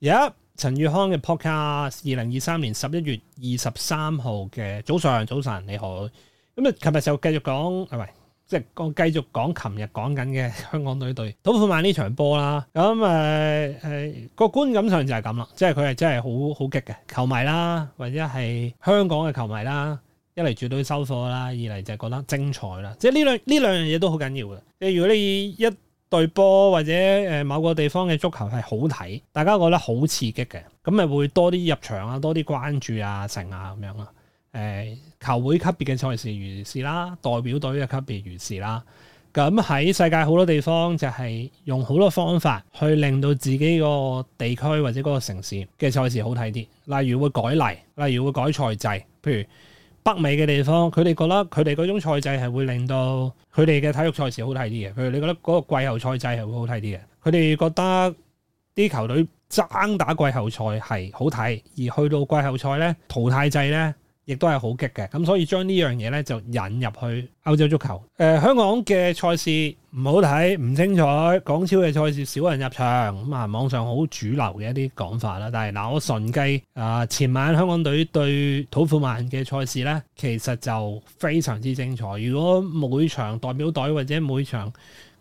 有陳宇康嘅 podcast，二零二三年十一月二十三號嘅早上早晨，你好。咁啊，琴日就繼續講，係咪？即係我繼續講琴日講緊嘅香港隊對土庫曼呢場波啦。咁誒誒，個、嗯、觀感上就係咁啦，即係佢係真係好好激嘅球迷啦，或者係香港嘅球迷啦，一嚟絕對收貨啦，二嚟就係覺得精彩啦。即係呢兩呢兩樣嘢都好緊要嘅。例如，果你一。對波或者誒某個地方嘅足球係好睇，大家覺得好刺激嘅，咁咪會多啲入場啊，多啲關注啊，成啊咁樣啦。誒、呃、球會級別嘅賽事如是啦，代表隊嘅級別如是啦，咁喺世界好多地方就係用好多方法去令到自己個地區或者嗰個城市嘅賽事好睇啲，例如會改例，例如會改賽制，譬如。北美嘅地方，佢哋覺得佢哋嗰種賽制係會令到佢哋嘅體育賽事好睇啲嘅，譬如你覺得嗰個季後賽制係會好睇啲嘅，佢哋覺得啲球隊爭打季後賽係好睇，而去到季後賽呢，淘汰制呢。亦都係好激嘅，咁所以將呢樣嘢呢就引入去歐洲足球。誒、呃，香港嘅賽事唔好睇，唔清楚，港超嘅賽事少人入場，咁啊網上好主流嘅一啲講法啦。但係嗱、呃，我純計啊前晚香港隊對土庫曼嘅賽事呢，其實就非常之精彩。如果每場代表隊或者每場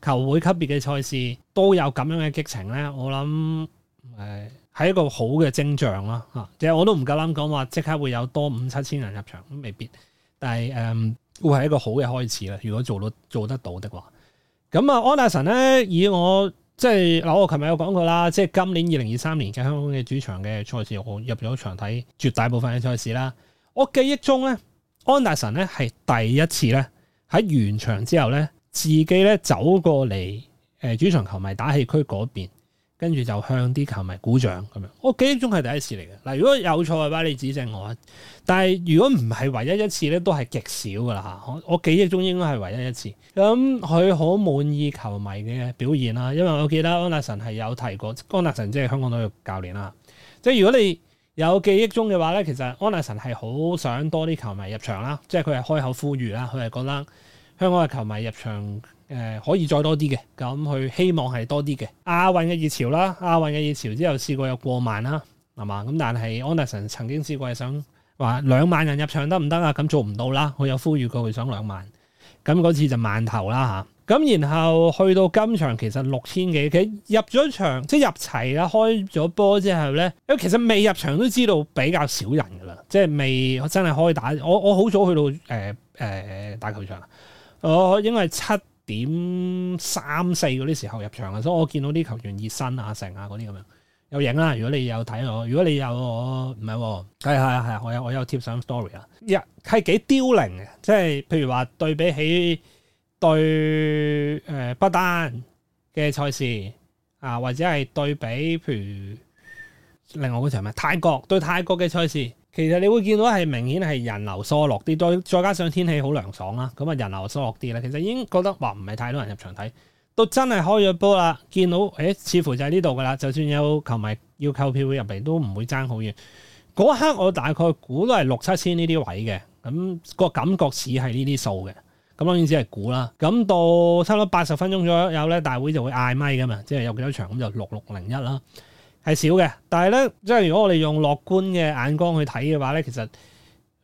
球會級別嘅賽事都有咁樣嘅激情呢，我諗誒。呃係一個好嘅徵象啦，嚇、啊！即係我都唔夠膽講話即刻會有多五七千人入場都未必，但係誒、嗯、會係一個好嘅開始啦。如果做到做得到的話，咁、嗯、啊安達臣咧，以我即係嗱，我琴日有講過啦，即係今年二零二三年嘅香港嘅主場嘅賽事，我入咗場睇絕大部分嘅賽事啦。我記憶中咧，安達臣咧係第一次咧喺完場之後咧，自己咧走過嚟誒、呃、主場球迷打氣區嗰邊。跟住就向啲球迷鼓掌咁樣，我記憶中係第一次嚟嘅。嗱，如果有錯嘅話，你指正我。但係如果唔係唯一一次咧，都係極少噶啦嚇。我我記憶中應該係唯一一次。咁佢好滿意球迷嘅表現啦，因為我記得安達臣係有提過，安達臣即係香港隊嘅教練啦。即係如果你有記憶中嘅話咧，其實安達臣係好想多啲球迷入場啦，即係佢係開口呼籲啦，佢係覺得香港嘅球迷入場。誒、呃、可以再多啲嘅，咁佢希望係多啲嘅亞運嘅熱潮啦，亞運嘅熱，熱潮之後試過有過萬啦，係嘛？咁但係 Anderson 曾經試過想話兩萬人入場得唔得啊？咁做唔到啦，佢有呼籲過佢想兩萬，咁嗰次就萬頭啦吓，咁、啊、然後去到今場其實六千幾，其實入咗場即係入齊啦，開咗波之後呢，因為其實未入場都知道比較少人噶啦，即係未真係可以打。我我好早去到誒誒、呃呃、大球場，我應該係七點三四嗰啲時候入場啊，所以我見到啲球員熱身啊、成啊嗰啲咁樣，有影啦。如果你有睇我，如果你有我，唔係喎，係係係，我有我有貼上 story 啊，一係幾凋零嘅，即係譬如話對比起對誒不丹嘅賽事啊，或者係對比譬如另外嗰場咩泰國對泰國嘅賽事。其實你會見到係明顯係人流疏落啲多，再加上天氣好涼爽啦，咁啊人流疏落啲咧。其實已經覺得話唔係太多人入場睇，都真係開咗波啦。見到誒，似乎就係呢度噶啦。就算有球迷要購票入嚟，都唔會爭好遠。嗰刻我大概估都係六七千呢啲位嘅，咁個感覺市係呢啲數嘅。咁當然只係估啦。咁到差唔多八十分鐘左右咧，大會就會嗌咪噶嘛，即係有幾多場咁就六六零一啦。係少嘅，但係咧，即係如果我哋用樂觀嘅眼光去睇嘅話咧，其實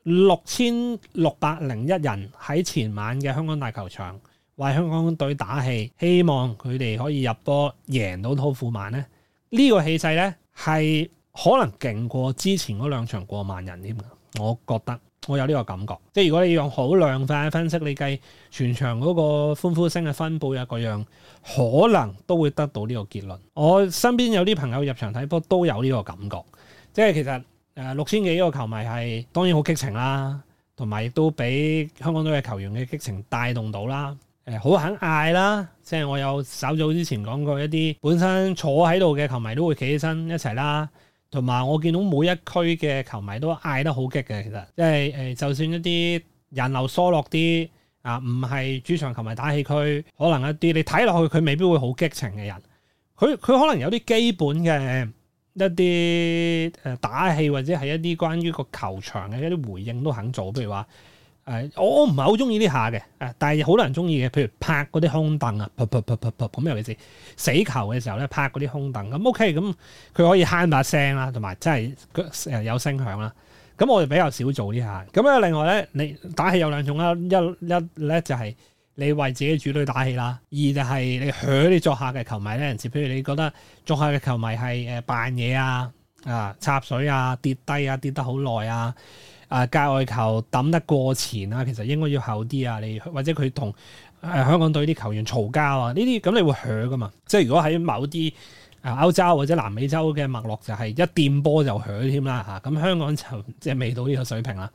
六千六百零一人喺前晚嘅香港大球場為香港隊打氣，希望佢哋可以入波贏到土庫曼咧，呢、這個氣勢咧係可能勁過之前嗰兩場過萬人添，我覺得。我有呢個感覺，即係如果你用好量化嘅分析，你計全場嗰個歡呼聲嘅分布啊，各樣，可能都會得到呢個結論。我身邊有啲朋友入場睇波都有呢個感覺，即係其實誒六千幾個球迷係當然好激情啦，同埋亦都俾香港隊嘅球員嘅激情帶動到啦，誒、呃、好肯嗌啦，即係我有稍早之前講過一啲本身坐喺度嘅球迷都會企起身一齊啦。同埋我見到每一區嘅球迷都嗌得好激嘅，其實即係誒，就算一啲人流疏落啲啊，唔係主場球迷打氣區，可能一啲你睇落去佢未必會好激情嘅人，佢佢可能有啲基本嘅一啲誒打氣或者係一啲關於個球場嘅一啲回應都肯做，譬如話。誒、呃，我我唔係好中意呢下嘅，誒，但係好多人中意嘅，譬如拍嗰啲空凳啊，啪啪啪啪啪，咁尤其是死球嘅時候咧，拍嗰啲空凳，咁 OK，咁、嗯、佢可以慳把聲啦，同埋真係誒、呃、有聲響啦。咁、嗯、我哋比較少做呢下。咁、嗯、咧，另外咧，你打氣有兩種啦，一一咧就係你為自己主隊打氣啦，二就係你向啲作客嘅球迷咧，似譬如你覺得作客嘅球迷係誒扮嘢啊，啊插水啊，跌低啊，跌得好耐啊。啊！界外球抌得過前啊，其實應該要厚啲啊，你或者佢同誒香港隊啲球員嘈交啊，呢啲咁你會響噶嘛？即係如果喺某啲誒、呃、歐洲或者南美洲嘅脈絡就係一掂波就響添啦嚇。咁、啊、香港就即係未到呢個水平啦。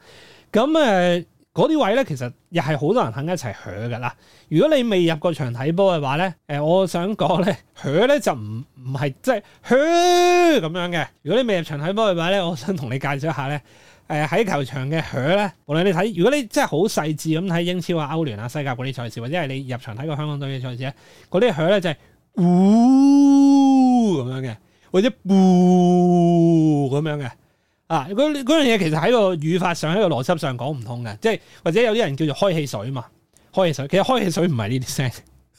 咁誒嗰啲位咧，其實又係好多人肯一齊響㗎啦。如果你未入過場睇波嘅話咧，誒、呃、我想講咧，響咧就唔唔係即係響咁樣嘅。如果你未入場睇波嘅話咧，我想同你介紹一下咧。誒喺球場嘅噓咧，無論你睇，如果你真係好細緻咁睇英超啊、歐聯啊、西甲嗰啲賽事，或者係你入場睇過香港隊嘅賽事咧，嗰啲噓咧就係嗚咁樣嘅，或者嗚咁樣嘅啊，嗰樣嘢其實喺個語法上、喺個邏輯上講唔通嘅，即係或者有啲人叫做開汽水嘛，開汽水，其實開汽水唔係呢啲聲，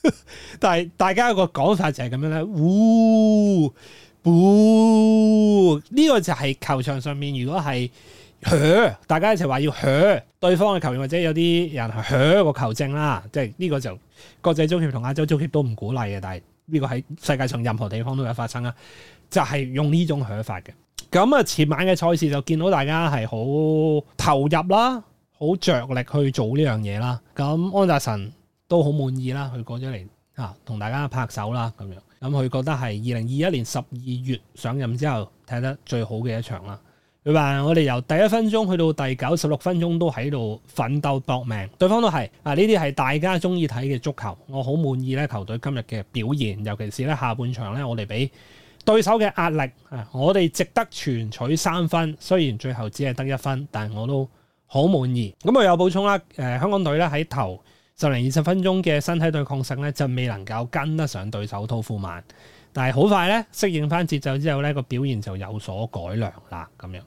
但係大家個講法就係咁樣咧，嗚呢個就係球場上面，如果係。噓，大家一齊話要噓對方嘅球員，或者有啲人噓個球證啦，即係呢個就國際足協同亞洲足協都唔鼓勵嘅，但係呢個喺世界上任何地方都有發生啦，就係、是、用呢種噓法嘅。咁、嗯、啊，前晚嘅賽事就見到大家係好投入啦，好着力去做呢樣嘢啦。咁、嗯、安達臣都好滿意啦，佢過咗嚟吓同大家拍手啦咁樣。咁、嗯、佢覺得係二零二一年十二月上任之後睇得最好嘅一場啦。佢話：我哋由第一分鐘去到第九十六分鐘都喺度奮鬥搏命，對方都係啊！呢啲係大家中意睇嘅足球，我好滿意咧球隊今日嘅表現，尤其是咧下半場咧，我哋俾對手嘅壓力啊，我哋值得全取三分。雖然最後只係得一分，但係我都好滿意。咁我有補充啦，誒、呃、香港隊咧喺頭十零二十分鐘嘅身體對抗性咧就未能夠跟得上對手托富曼。但係好快咧，適應翻節奏之後咧，這個表現就有所改良啦，咁樣。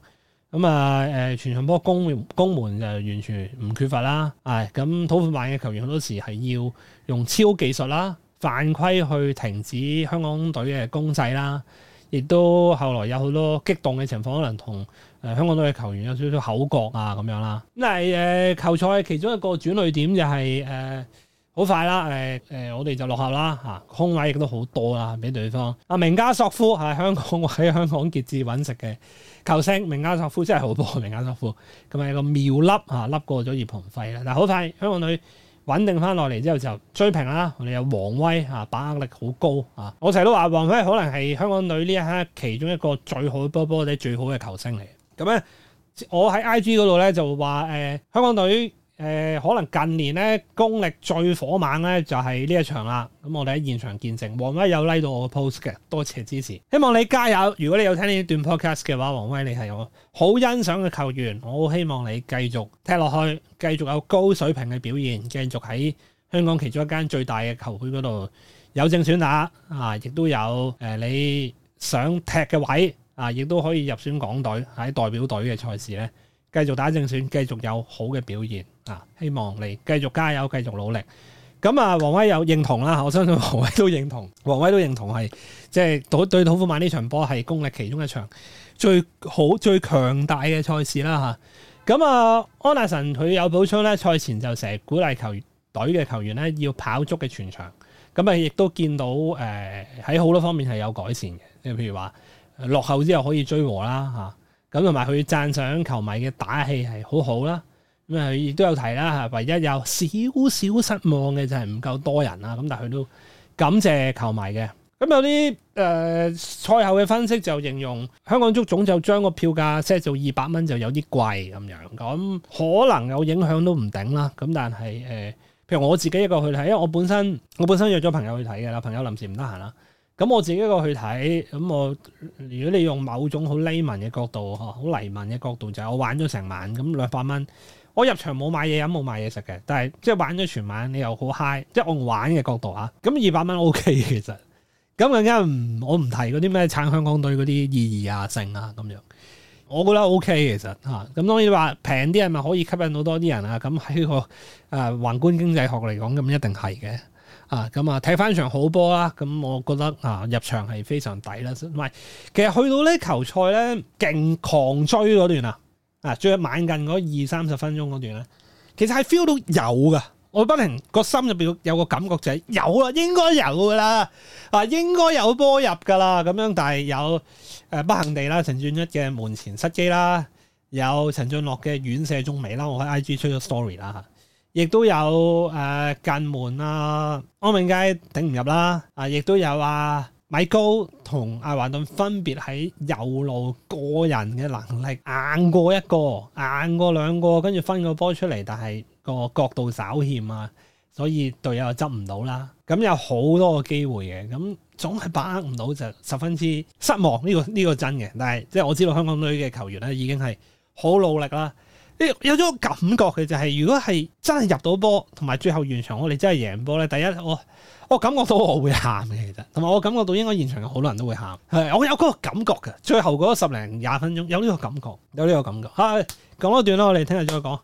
咁啊，誒、呃，傳上波攻攻門就完全唔缺乏啦。啊、哎，咁、嗯、土庫曼嘅球員好多時係要用超技術啦、犯規去停止香港隊嘅攻勢啦。亦都後來有好多激動嘅情況，可能同誒、呃、香港隊嘅球員有少少口角啊，咁樣啦。咁係誒球賽其中一個轉捩點就係、是、誒。呃好快啦，誒、呃、誒，我哋就落後啦嚇，空位亦都好多啦，俾對方。阿明加索夫係、啊、香港喺香港傑志揾食嘅球星，明加索夫真係好波，明加索夫，咁啊有個妙粒嚇，笠、啊、過咗葉鴻輝啦。嗱，好快香港隊穩定翻落嚟之後就追平啦。我哋有王威嚇、啊，把握力好高嚇、啊。我成日都話王威可能係香港隊呢一刻其中一個最好嘅波波仔、最好嘅球星嚟。咁、啊、咧，我喺 IG 嗰度咧就話誒、呃，香港隊。誒，可能近年咧功力最火猛咧，就係呢一場啦。咁我哋喺現場見證，王威有拉、like、到我個 post 嘅，多謝支持。希望你加油！如果你有聽呢段 podcast 嘅話，王威你係我好欣賞嘅球員，我希望你繼續踢落去，繼續有高水平嘅表現，繼續喺香港其中一間最大嘅球會嗰度有正選打啊，亦都有誒、呃、你想踢嘅位啊，亦都可以入選港隊喺代表隊嘅賽事咧，繼續打正選，繼續有好嘅表現。啊！希望你繼續加油，繼續努力。咁啊，王威有認同啦，我相信王威都認同，王威都認同係即係對土庫曼呢場波係功力其中一場最好、最強大嘅賽事啦嚇。咁啊，安達臣佢有補充咧，賽前就成日鼓勵球隊嘅球員咧要跑足嘅全場。咁啊，亦都見到誒喺好多方面係有改善嘅，譬如話落後之後可以追和啦嚇。咁同埋佢讚賞球迷嘅打氣係好好啦。咁啊，亦都有提啦嚇。唯一有少少失望嘅就係唔夠多人啦。咁但係佢都感謝球迷嘅。咁、嗯、有啲誒、呃、賽後嘅分析就形容香港足總就將個票價 set 做二百蚊就有啲貴咁樣。咁、嗯、可能有影響都唔定啦。咁、嗯、但係誒、呃，譬如我自己一個去睇，因為我本身我本身約咗朋友去睇嘅啦，朋友臨時唔得閒啦。咁、嗯、我自己一個去睇。咁、嗯、我如果你用某種好膩文嘅角度好膩文嘅角度就係、我玩咗成晚，咁兩百蚊。我入場冇買嘢飲，冇買嘢食嘅，但係即係玩咗全晚，你又好嗨，即係我用玩嘅角度啊。咁二百蚊 O K，其實咁更加唔，我唔提嗰啲咩撐香港隊嗰啲意義啊、性啊咁樣。我覺得 O、okay, K 其實嚇，咁、啊、當然話平啲係咪可以吸引到多啲人啊？咁喺個誒宏觀經濟學嚟講，咁一定係嘅啊。咁啊睇翻場好波啦，咁、啊、我覺得啊入場係非常抵啦。唔係，其實去到呢球賽咧，勁狂追嗰段啊！啊，最晚近嗰二三十分鐘嗰段咧，其實係 feel 到有噶，我不能個心入邊有個感覺就係有，有啊，應該有噶啦，啊應該有波入噶啦，咁樣但係有誒不幸地啦，陳俊一嘅門前失機啦，有陳俊樂嘅遠射中楣啦，我喺 IG 出咗 story 啦、啊，亦都有誒、呃、近門啊，安永佳頂唔入啦，啊亦都有啊。米高同阿華頓分別喺右路個人嘅能力硬過一個、硬過兩個，跟住分個波出嚟，但係個角度稍欠啊，所以隊友又執唔到啦。咁有好多個機會嘅，咁總係把握唔到就十分之失望。呢、這個呢、這個真嘅，但係即係我知道香港女嘅球員咧已經係好努力啦、哎。有種感覺嘅就係、是，如果係真係入到波，同埋最後完場我哋真係贏波咧，第一我。我感覺到我會喊嘅，其實同埋我感覺到應該現場有好多人都會喊，係我有嗰個感覺嘅。最後嗰十零廿分鐘有呢個感覺，有呢個感覺。係，講多段啦，我哋聽日再講。